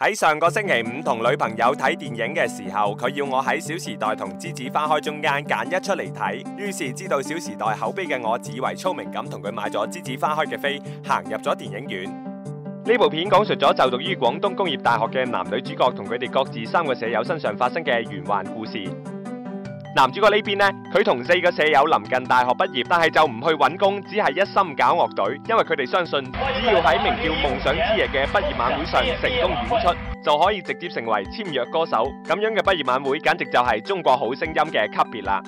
喺上個星期五同女朋友睇電影嘅時候，佢要我喺《小時代》同《梔子花開》中間揀一出嚟睇，於是知道《小時代》口碑嘅我，自以為聰明咁同佢買咗《梔子花開》嘅飛，行入咗電影院。呢部片講述咗就讀於廣東工業大學嘅男女主角同佢哋各自三個舍友身上發生嘅玄幻故事。男主角呢邊呢，佢同四個舍友臨近大學畢業，但係就唔去揾工，只係一心搞樂隊，因為佢哋相信，只要喺名叫夢想之夜嘅畢業晚會上成功演出，就可以直接成為簽約歌手。咁樣嘅畢業晚會，簡直就係中國好聲音嘅級別啦。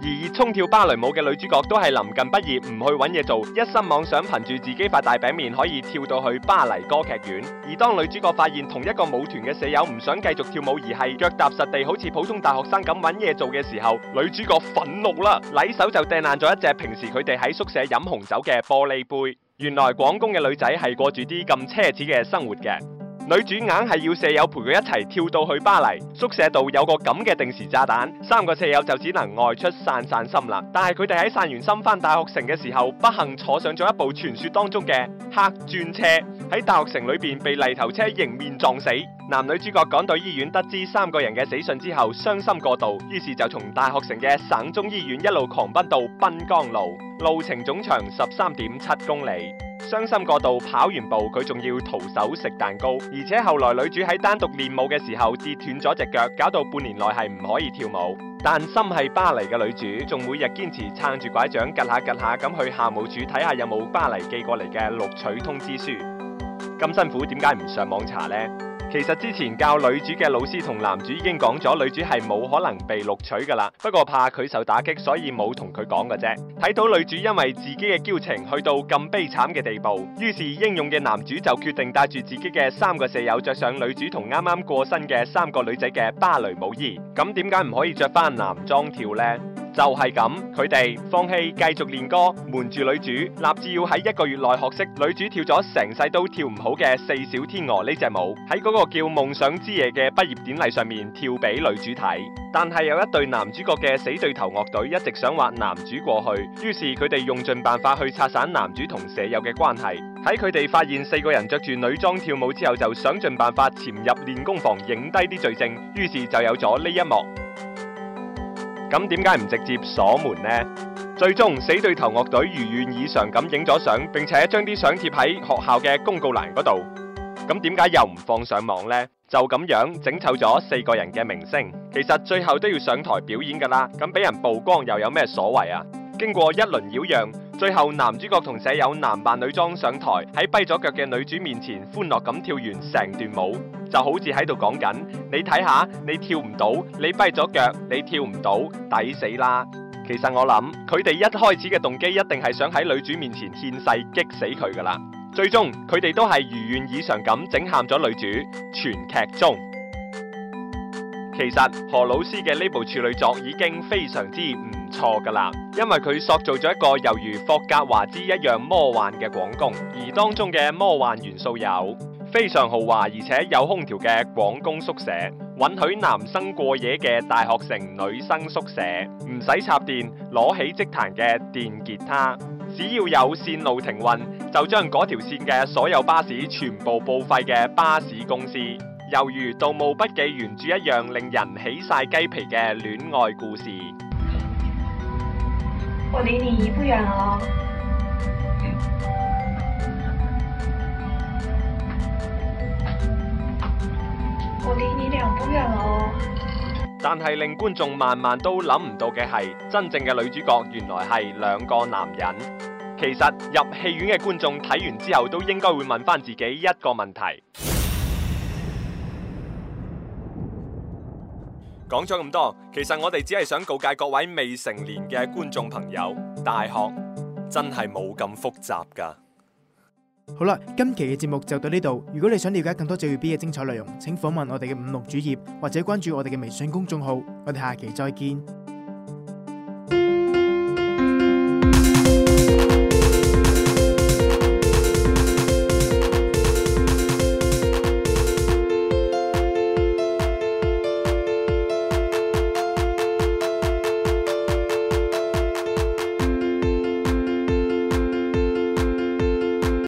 而熱衷跳芭蕾舞嘅女主角都係臨近畢業唔去揾嘢做，一心妄想憑住自己塊大餅面可以跳到去巴黎歌劇院。而當女主角發現同一個舞團嘅舍友唔想繼續跳舞，而係腳踏實地好似普通大學生咁揾嘢做嘅時候，女主角憤怒啦，禮手就掟爛咗一隻平時佢哋喺宿舍飲紅酒嘅玻璃杯。原來廣工嘅女仔係過住啲咁奢侈嘅生活嘅。女主硬係要舍友陪佢一齊跳到去巴黎，宿舍度有個咁嘅定時炸彈，三個舍友就只能外出散散心啦。但係佢哋喺散完心返大學城嘅時候，不幸坐上咗一部傳說當中嘅客專車，喺大學城裏邊被泥頭車迎面撞死。男女主角趕到醫院得知三個人嘅死訊之後，傷心過度，於是就從大學城嘅省中醫院一路狂奔到濱江路，路程總長十三點七公里。傷心過度，跑完步佢仲要徒手食蛋糕，而且後來女主喺單獨練舞嘅時候跌斷咗隻腳，搞到半年內係唔可以跳舞。但心係巴黎嘅女主，仲每日堅持撐住拐杖，趷下趷下咁去校務處睇下有冇巴黎寄過嚟嘅錄取通知書。咁辛苦，點解唔上網查呢？其實之前教女主嘅老師同男主已經講咗，女主係冇可能被錄取噶啦。不過怕佢受打擊，所以冇同佢講嘅啫。睇到女主因為自己嘅矯情去到咁悲慘嘅地步，於是英勇嘅男主就決定帶住自己嘅三個舍友，着上女主同啱啱過身嘅三個女仔嘅芭蕾舞衣。咁點解唔可以着返男裝跳呢？就係咁，佢哋放棄繼續練歌，瞞住女主，立志要喺一個月內學識。女主跳咗成世都跳唔好嘅四小天鵝呢隻舞，喺嗰個叫夢想之夜嘅畢業典禮上面跳俾女主睇。但係有一對男主角嘅死對頭樂隊一直想挖男主過去，於是佢哋用盡辦法去拆散男主同舍友嘅關係。喺佢哋發現四個人着住女裝跳舞之後，就想盡辦法潛入練功房影低啲罪證，於是就有咗呢一幕。咁點解唔直接鎖門呢？最終死對頭樂隊如願以償咁影咗相，並且將啲相貼喺學校嘅公告欄嗰度。咁點解又唔放上網呢？就咁樣整臭咗四個人嘅名聲。其實最後都要上台表演噶啦，咁俾人曝光又有咩所謂啊？經過一輪擾攘。最後，男主角同舍友男扮女裝上台，喺跛咗腳嘅女主面前歡樂咁跳完成段舞，就好似喺度講緊：你睇下，你跳唔到，你跛咗腳，你跳唔到，抵死啦！其實我諗，佢哋一開始嘅動機一定係想喺女主面前獻世，激死佢噶啦。最終，佢哋都係如願以償咁整喊咗女主。全劇終，其實何老師嘅呢部處女作已經非常之唔。錯噶啦，因為佢塑造咗一個猶如霍格華茲一樣魔幻嘅廣工，而當中嘅魔幻元素有非常豪華而且有空調嘅廣工宿舍，允許男生過夜嘅大學城女生宿舍，唔使插電攞起即彈嘅電吉他，只要有線路停運就將嗰條線嘅所有巴士全部報廢嘅巴士公司，猶如《盜墓筆記》原著一樣令人起晒雞皮嘅戀愛故事。我離你一步遠哦，我離你兩步遠哦。但係令觀眾萬萬都諗唔到嘅係，真正嘅女主角原來係兩個男人。其實入戲院嘅觀眾睇完之後，都應該會問返自己一個問題。講咗咁多，其實我哋只係想告誡各位未成年嘅觀眾朋友，大學真係冇咁複雜噶。好啦，今期嘅節目就到呢度。如果你想了解更多最業 B 嘅精彩內容，請訪問我哋嘅五六主頁或者關注我哋嘅微信公眾號。我哋下期再見。